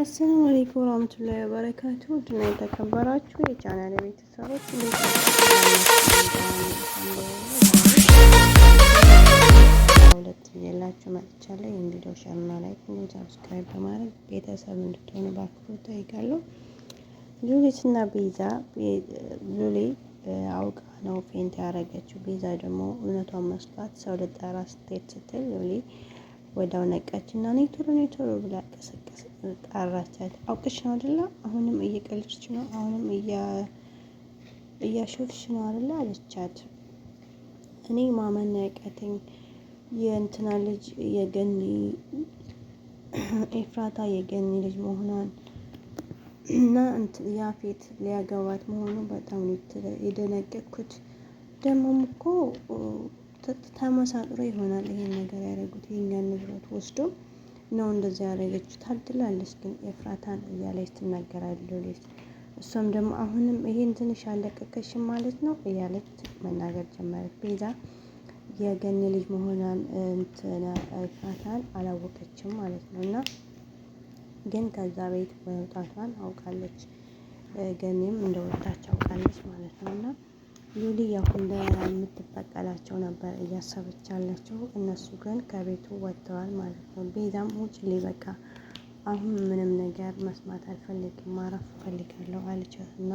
አሰላሙ አለይኩም ወራህመቱላሂ ወበረካቱ ድና የተከበራችሁ የቻናል ቤተሰቦች ሁለት እየላችሁ መጥቻለሁ። ይህን ቪዲዮ ሸርና ላይክ እንዲሁም ሳብስክራይብ በማድረግ ቤተሰብ እንድትሆኑ ባክብሮ ጠይቃለሁ። ጁሊትና ቤዛ ጁሊ አውቃ ነው ፌንት ያደረገችው። ቤዛ ደግሞ እውነቷን መስሏት ሰው ልጠራ ስትሄድ ስትል ጁሊ ወዳው ነቃች እና እኔ ቶሎ እኔ ቶሎ ብላ ቀሰቀሰ ጣራቻት። አውቅሽ ነው አይደለ? አሁንም እየቀለድሽ ነው፣ አሁንም እያሾፍሽ ነው አይደለ? አለቻት። እኔ ማመን ያቃተኝ የእንትና ልጅ የገኒ ኤፍራታ የገኒ ልጅ መሆኗን እና ያፌት ሊያገባት መሆኑ በጣም የደነገጥኩት ደግሞም እኮ ተመሳጥሮ ይሆናል ይሄን ነገር ያደረጉት የእኛን ንብረት ወስዶ ነው እንደዛ ያደረገች ታድላለች። ግን ኤፍራታን እያለች ትናገራለች። እሷም ደግሞ አሁንም ይሄን ትንሽ አለቀቀሽም ማለት ነው እያለች መናገር ጀመረች። ቤዛ የገኒ ልጅ መሆኗን እንትና ኤፍራታን አላወቀችም ማለት ነው እና ግን ከዛ ቤት መውጣቷን አውቃለች። ገኒም እንደወጣች አውቃለች ማለት ነው እና ሉሊ ያው እንደ የምትበቀላቸው ነበር እያሰበች ያለችው። እነሱ ግን ከቤቱ ወጥተዋል ማለት ነው። ቤዛም ውጭ ሊበቃ አሁን ምንም ነገር መስማት አልፈልግም ማረፍ እፈልጋለሁ አለቻት እና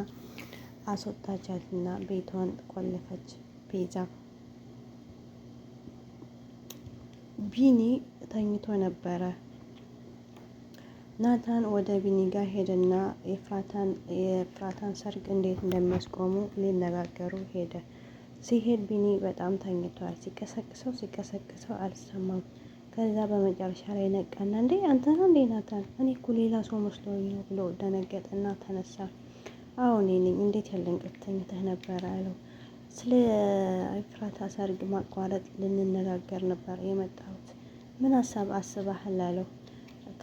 አስወጣቻት እና ቤቷን ቆለፈች። ቤዛ ቢኒ ተኝቶ ነበረ። ናታን ወደ ቢኒ ጋር ሄደና የፍራታን ሰርግ እንዴት እንደሚያስቆሙ ሊነጋገሩ ሄደ። ሲሄድ ቢኒ በጣም ተኝቷል። ሲቀሰቅሰው ሲቀሰቅሰው አልሰማም። ከዛ በመጨረሻ ላይ ነቃና እንዴ አንተ ነው እንዴ ናታን? እኔ እኮ ሌላ ሰው መስሎኝ ነው ብሎ ደነገጠና ተነሳ። አዎ እኔ ነኝ። እንዴት ያለ እንቅልፍ ተኝተህ ነበር አለው። ስለ ኤፍራታ ሰርግ ማቋረጥ ልንነጋገር ነበር የመጣሁት። ምን ሀሳብ አስበሃል አለው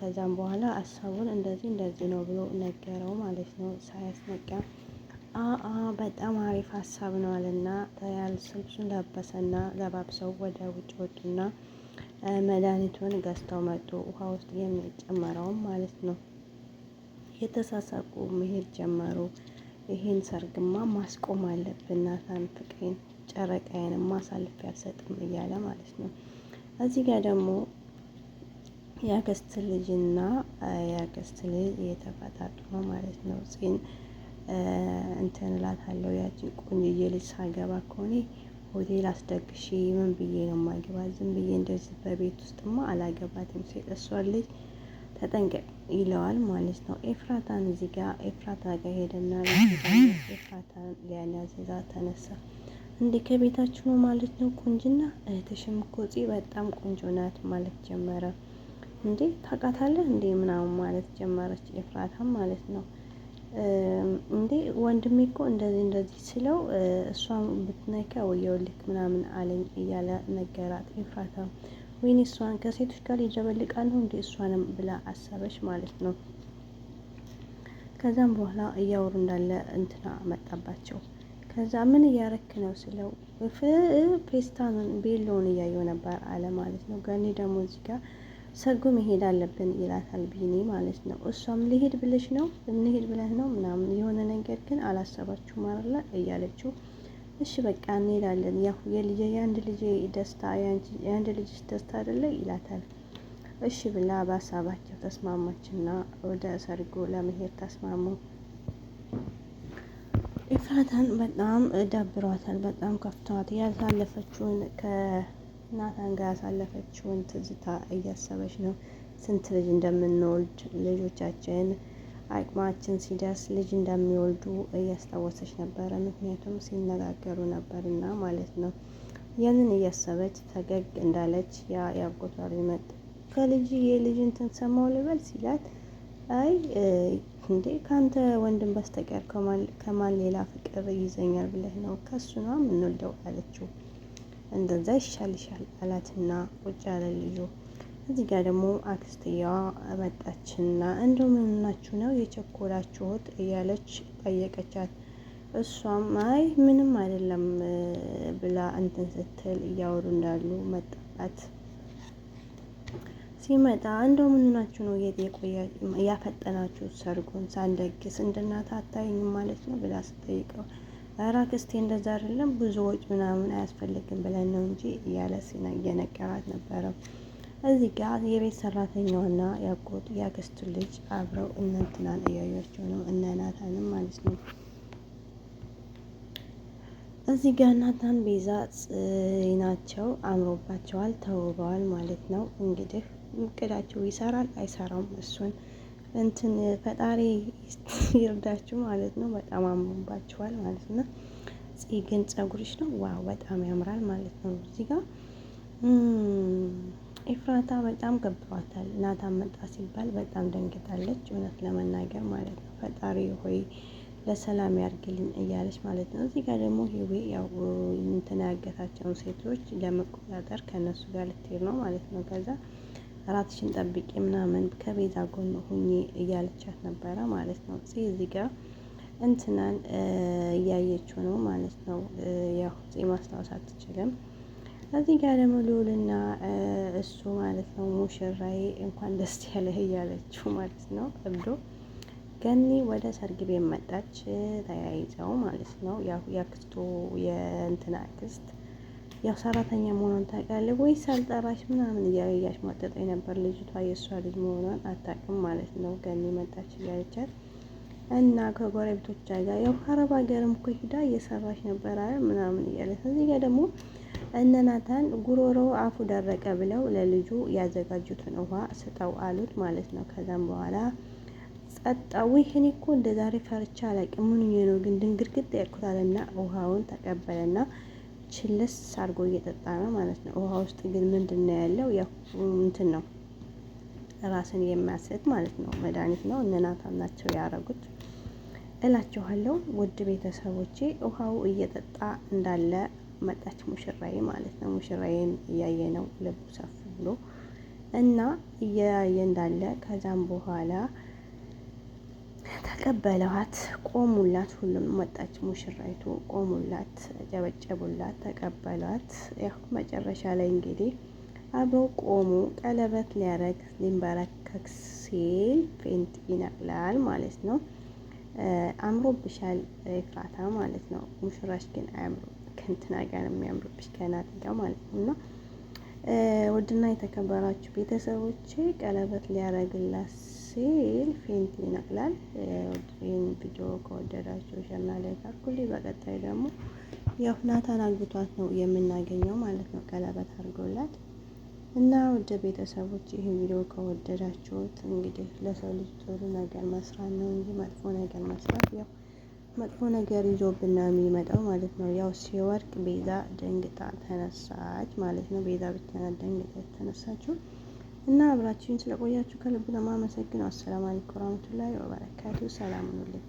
ከዛም በኋላ ሀሳቡን እንደዚህ እንደዚህ ነው ብሎ ነገረው ማለት ነው ሳያስነቃ። አአ በጣም አሪፍ ሀሳብ ነው አለና ተያልስ ልብሱን ለበሰና ለባብሰው ወደ ውጭ ወጡና መድኃኒቱን ገዝተው መጡ። ውሃ ውስጥ የሚጨመረውም ማለት ነው። የተሳሳቁ መሄድ ጀመሩ። ይህን ሰርግማ ማስቆም አለብን ናታን ፍቅሬን ጨረቃዬንም አሳልፌ አልሰጥም እያለ ማለት ነው። እዚህ ጋር ደግሞ የአክስት ልጅና የአክስት ልጅ እየተፈጣጥሞ ማለት ነው። ጽን እንትን እላታለሁ ያቺ ቆንጆዬ ልጅ ሳገባ ከሆኔ ሆቴል አስደግሽ ምን ብዬ ነው ማገባ? ዝም ብዬ እንደዚህ በቤት ውስጥማ አላገባትም። ሴት እሷ ልጅ ተጠንቀቅ ይለዋል ማለት ነው። ኤፍራታን እዚህ ጋ ኤፍራታ ጋ ሄደና ኤፍራታን ሊያናዝዛት ተነሳ። እንዴ ከቤታችሁ ነው ማለት ነው? ቁንጅና እህትሽም እኮ በጣም ቆንጆ ናት ማለት ጀመረ። እንዴ ታውቃታለህ እንዴ ምናምን ማለት ጀመረች ኤፍራታም ማለት ነው። እንዴ ወንድሜ እኮ እንደዚህ እንደዚህ ስለው እሷም ብትነካ ወየውልክ ምናምን አለኝ እያለ ነገራት ኤፍራታም። ወይኔ እሷን ከሴቶች ጋር ይጀበልቃለሁ እንዴ እሷንም ብላ አሰበች ማለት ነው። ከዛም በኋላ እያወሩ እንዳለ እንትና መጣባቸው። ከዛ ምን እያረክ ነው ስለው ፌስታኑን ቤሎውን እያየው ነበር አለ ማለት ነው። ገኒ ደግሞ እዚህ ጋር ሰርጉ መሄድ አለብን ይላታል ቢኒ ማለት ነው። እሷም ልሄድ ብለሽ ነው እንሄድ ብለህ ነው ምናምን የሆነ ነገር ግን አላሰባችሁ ማለላ እያለችው እሺ በቃ እንሄዳለን ያሁ የልጄ የአንድ ልጄ ደስታ የአንድ ልጅ ደስታ አይደለ ይላታል። እሺ ብላ በሀሳባቸው ተስማማችና ወደ ሰርጉ ለመሄድ ተስማሙ። ኤፍራታን በጣም ደብሯታል። በጣም ከፍቷት ያሳለፈችውን ከ ናታን ጋር ያሳለፈችውን ትዝታ እያሰበች ነው። ስንት ልጅ እንደምንወልድ ልጆቻችን አቅማችን ሲደርስ ልጅ እንደሚወልዱ እያስታወሰች ነበረ። ምክንያቱም ሲነጋገሩ ነበርና ማለት ነው። ያንን እያሰበች ፈገግ እንዳለች ያ ያጎቷ ከልጅ የልጅ እንትን ሰማው ልበል ሲላት፣ አይ እንዴ ከአንተ ወንድም በስተቀር ከማን ሌላ ፍቅር ይዘኛል ብለህ ነው? ከሱ ነው የምንወልደው አለችው። እንደዛ ይሻልሻል አላትና ቁጭ ያለ ልጁ። እዚህ ጋር ደግሞ አክስትየዋ መጣችና እንደው ምንናችሁ ነው የቸኮላችሁት እያለች ጠየቀቻት። እሷም አይ ምንም አይደለም ብላ እንትን ስትል እያወሩ እንዳሉ መጣባት። ሲመጣ እንደው ምንናችሁ ነው ያፈጠናችሁ ሰርጉን ሳንደግስ እንደናታታይኝ ማለት ነው ብላ ስጠይቀው ኧረ አክስቴ እንደዛ አይደለም ብዙ ወጭ ምናምን አያስፈልግም ብለን ነው እንጂ እያለ እየነቀራት ነበረ። እዚህ ጋር የቤት ሰራተኛዋና ያጎቱ ያክስቱ ልጅ አብረው እነንትናን እያያቸው ነው እነ ናታንም ማለት ነው። እዚህ ጋር ናታን ቤዛ ናቸው አምሮባቸዋል፣ ተውበዋል ማለት ነው። እንግዲህ እቅዳቸው ይሰራል አይሰራም እሱን እንትን ፈጣሪ ይርዳችሁ ማለት ነው። በጣም አምሮባችኋል ማለት ነው። ግን ጸጉርሽ ነው ዋው፣ በጣም ያምራል ማለት ነው። እዚህ ጋር ኤፍራታ በጣም ገብቷታል። ናታን መጣ ሲባል በጣም ደንግጣለች፣ እውነት ለመናገር ማለት ነው። ፈጣሪ ሆይ ለሰላም ያርግልኝ እያለች ማለት ነው። እዚህ ጋር ደግሞ ህዌ ያው እንትን ያገታቸውን ሴቶች ለመቆጣጠር ከእነሱ ጋር ልትሄድ ነው ማለት ነው ከዛ ራትሽን ጠብቂ ምናምን ከቤዛ ጎን ሁኚ እያለቻት ነበረ ማለት ነው። እዚህ ጋር እንትናን እያየችው ነው ማለት ነው። ያው ማስታወስ አትችልም። እዚህ ጋር ደግሞ ልውልና እሱ ማለት ነው ሙሽራዬ እንኳን ደስ ያለህ እያለችው ማለት ነው። እብዶ ገኒ ወደ ሰርግ ቤት መጣች ተያይዘው ማለት ነው። ያው ያክስቱ የእንትና አክስት ያው ሰራተኛ መሆኗን ታውቃለህ ወይ ሳልጠራሽ ምናምን እያለያች ማጠጠኝ የነበር ልጅቷ የእሷ ልጅ መሆኗን አታውቅም ማለት ነው። ገኒ መጣች እያለቻት እና ከጎረቤቶቿ ጋር ያው ከአረብ ሀገርም እኮ ሂዳ እየሰራች ነበር አይደል ምናምን እያለ እዚህ ጋር ደግሞ እነናታን ጉሮሮ አፉ ደረቀ ብለው ለልጁ ያዘጋጁትን ውሃ ስጠው አሉት ማለት ነው። ከዛም በኋላ ጸጣዊ ይህን እኮ እንደ ዛሬ ፈርቻ አላውቅም። ምኑኜ ነው ግን ድንግርግጥ ያልኩታል ያልኩታልና ውሃውን ተቀበለና ችልስ አድርጎ እየጠጣ ነው ማለት ነው። ውሃ ውስጥ ግን ምንድን ነው ያለው? ያው እንትን ነው ራስን የሚያስት ማለት ነው መድኃኒት ነው። እነ ናቸው ያረጉት እላችኋለሁ። ውድ ቤተሰቦቼ ውሃው እየጠጣ እንዳለ መጣች ሙሽራዬ ማለት ነው። ሙሽራዬን እያየ ነው ልቡ ሰፍ ብሎ እና እያየ እንዳለ ከዛም በኋላ ተቀበለዋት፣ ቆሙላት። ሁሉም መጣች ሙሽራይቱ፣ ቆሙላት፣ ጨበጨቡላት፣ ተቀበሏት። ያው መጨረሻ ላይ እንግዲህ አብረው ቆሙ። ቀለበት ሊያረግ ሊንበረከክ ሲል ፌንት ይነቅላል ማለት ነው። አምሮብሻል ኤፍራታ ማለት ነው። ሙሽራሽ ግን አያምሩ ከንትና ጋር የሚያምሩብሽ ከናትጋ ማለት ነው። እና ውድና የተከበራችሁ ቤተሰቦቼ ቀለበት ሊያረግላት ሲል ፌንት ይነቅላል። ይህን ቪዲዮ ከወደዳችሁ ሸና ላይ ካኩል። በቀጣይ ደግሞ ያው ናታን አግብቷት ነው የምናገኘው ማለት ነው፣ ቀለበት አድርጎላት እና ወደ ቤተሰቦች ይህ ቪዲዮ ከወደዳችሁት እንግዲህ ለሰው ልጅ ጥሩ ነገር መስራት ነው እንጂ መጥፎ ነገር መስራት ያው መጥፎ ነገር ይዞብን ነው የሚመጣው ማለት ነው። ያው ሲወርቅ ቤዛ ደንግጣ ተነሳች ማለት ነው። ቤዛ ብቻ ደንግጣ ተነሳችው። እና አብራችሁን ስለቆያችሁ ከልብ ለማመሰግነው። አሰላሙ አለይኩም ወራህመቱላሂ ወበረካቱ። ሰላም ሁኑልኝ።